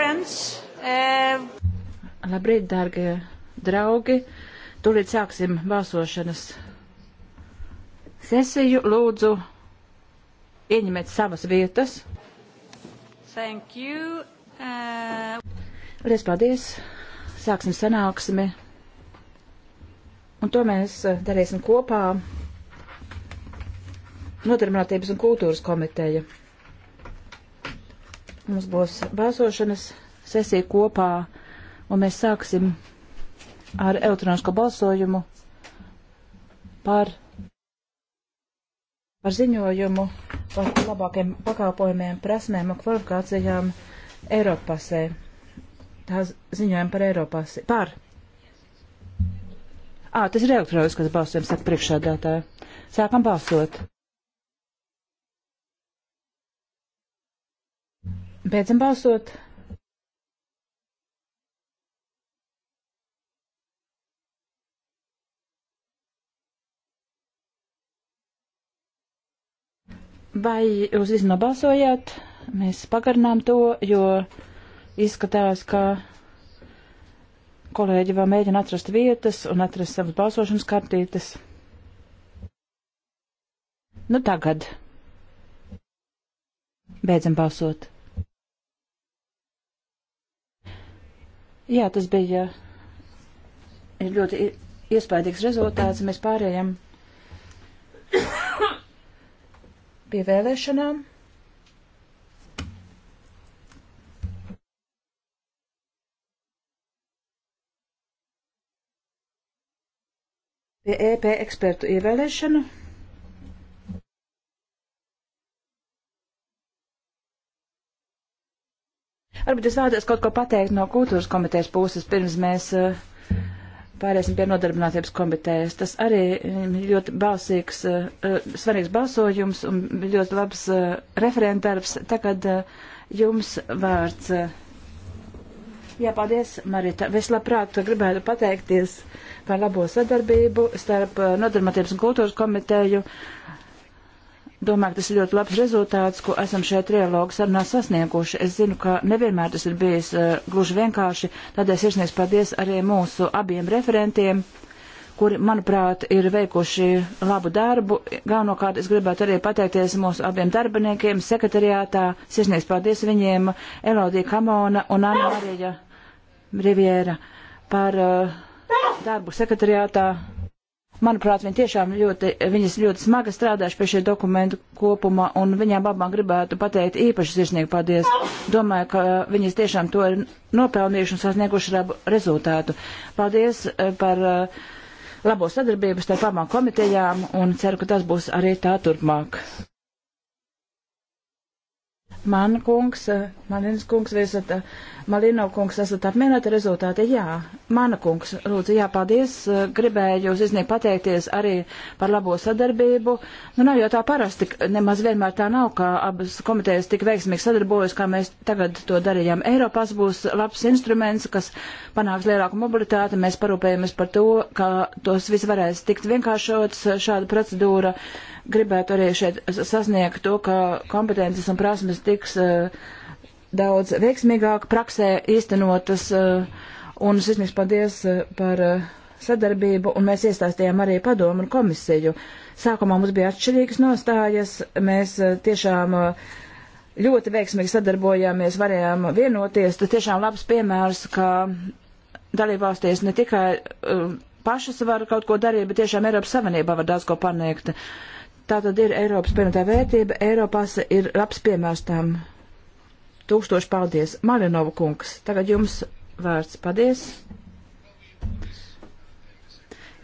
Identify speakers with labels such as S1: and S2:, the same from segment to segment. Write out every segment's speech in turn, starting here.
S1: friends. Uh... Labrīt, dārgie draugi. Tūlīt sāksim balsošanas sesiju. Lūdzu, ieņemiet savas vietas. Thank you. Uh... Lies paldies. Sāksim sanāksmi. Un to mēs uh, darīsim kopā Nodarbinātības un kultūras komiteja. Mums būs balsošanas sesija kopā, un mēs sāksim ar elektronisko balsojumu par, par ziņojumu par labākiem pakāpojumiem, prasmēm un kvalifikācijām Eiropasē. Tā ziņojam par Eiropasē. Par. Ā, tas ir elektroniskas balsojums, saka priekšādātāja. Sākam balsot. Beidzam balsot. Vai jūs visi nobalsojāt? Mēs pagarinām to, jo izskatās, ka kolēģi vēl mēģina atrast vietas un atrast savas balsošanas kartītes. Nu tagad. Beidzam balsot. Jā, tas bija eh, ļoti iespaidīgs rezultāts. Mēs pārējām pie vēlēšanām. Pie EP ekspertu ievēlēšanu. Varbūt es vēlētos kaut ko pateikt no kultūras komitejas puses, pirms mēs eh, pāriesim pie nodarbinātības komitejas. Tas arī mm, ļoti balsīgs, eh, eh, svarīgs balsojums un ļoti labs referentarbs. Tagad jums vārds. Jā, paldies, Marita. Es labprāt gribētu pateikties par labo sadarbību starp Nodarbinātības un kultūras komiteju Domāju, ka tas ir ļoti labs rezultāts, ko esam šajā trialogu sarunā sasnieguši. Es zinu, ka nevienmēr tas ir bijis uh, gluži vienkārši, tādēļ sirsnīgs paldies arī mūsu abiem referentiem kuri, manuprāt, ir veikuši labu darbu. Galvenokārt es gribētu arī pateikties mūsu abiem darbiniekiem sekretariātā. Sirsnieks paldies viņiem, Elodija Kamona un Anna Marija Riviera par uh, darbu sekretariātā. Manuprāt, viņi tiešām ļoti, viņas ļoti smagi strādājuši pie šī dokumentu kopuma, un viņām abām gribētu pateikt īpaši sirsnīgi paldies. Domāju, ka eh, viņas tiešām to ir nopelnījuši un sasnieguši labu rezultātu. Paldies eh, par eh, labo sadarbību starp abām komitejām, un ceru, ka tas būs arī tā turpmāk. Man kungs, eh, Malins kungs, esat, eh, Malino kungs, esat apmienāti rezultāti? Jā, mana kungs, lūdzu, jā, paldies. Eh, gribēju jūs iznīgi pateikties arī par labo sadarbību. Nu, nav jau tā parasti, nemaz vienmēr tā nav, ka abas komitejas tik veiksmīgi sadarbojas, kā mēs tagad to darījām. Eiropas būs labs instruments, kas panāks lielāku mobilitāti. Mēs parūpējamies par to, ka tos viss varēs tikt vienkāršots šāda procedūra. Uh, gribētu arī šeit sasniegt to, ka kompetences un prasmes tiks uh, daudz veiksmīgāk praksē īstenotas. Uh, un sirsnīgs paldies uh, par sadarbību, un mēs iestāstījām arī padomu un komisiju. Sākumā mums bija atšķirīgas nostājas, mēs tiešām ļoti veiksmīgi sadarbojāmies, varējām vienoties. Tas tiešām labs piemērs, ka dalībvalstīs ne tikai pašas var kaut ko darīt, bet tiešām Eiropas Savienībā var daudz ko panākt. Tā tad ir Eiropas pienotā vērtība. Eiropās ir labs piemērs tām. Tūkstoši paldies. Marinova kungs, tagad jums vārds. Paldies.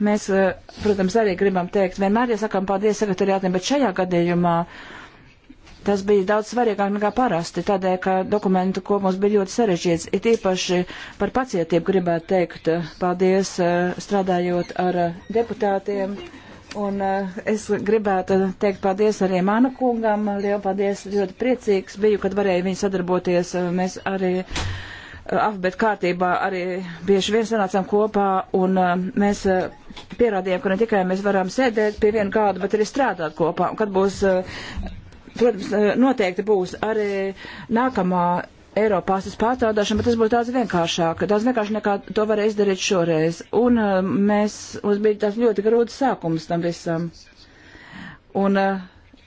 S1: Mēs, eh, protams, arī gribam teikt, vienmēr, ja sakam paldies sekretariātiem, bet šajā gadījumā tas bija daudz svarīgāk nekā parasti, tādēļ, ka dokumentu kopums bija ļoti sarežģīts. It īpaši par pacietību gribētu teikt eh, paldies eh, strādājot ar deputātiem. Un uh, es gribētu teikt paldies arī Mana kungam. Lielu paldies, ļoti priecīgs biju, kad varēju viņu sadarboties. Mēs arī uh, eh, alfabēta kārtībā arī bieži vien sanācām kopā, un uh, mēs uh, pierādījām, ka ne tikai mēs varam sēdēt pie viena kāda, bet arī strādāt kopā. Un kad būs, uh, protams, noteikti būs arī nākamā Eiropāsas pārstrādāšana, bet tas būtu daudz vienkāršāk. Daudz vienkārši nekā to varēja izdarīt šoreiz. Un eh, mēs, mums bija tāds ļoti grūts sākums tam visam. Un uh,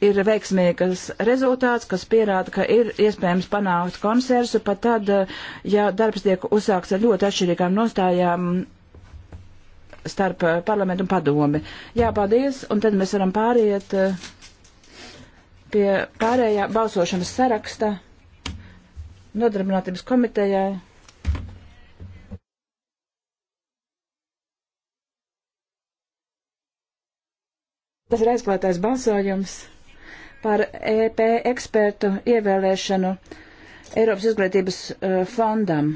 S1: ir veiksmīgas rezultāts, kas pierāda, ka ir iespējams panākt konsensu, pat tad, eh, ja darbs tiek uzsākts ar ļoti atšķirīgām nostājām starp parlamentu un padomi. Jā, paldies, un tad mēs varam pāriet pie pārējā balsošanas saraksta nodarbinātības komitejai. Tas ir aizklātais balsojums par EP ekspertu ievēlēšanu Eiropas izglītības eh, fondam.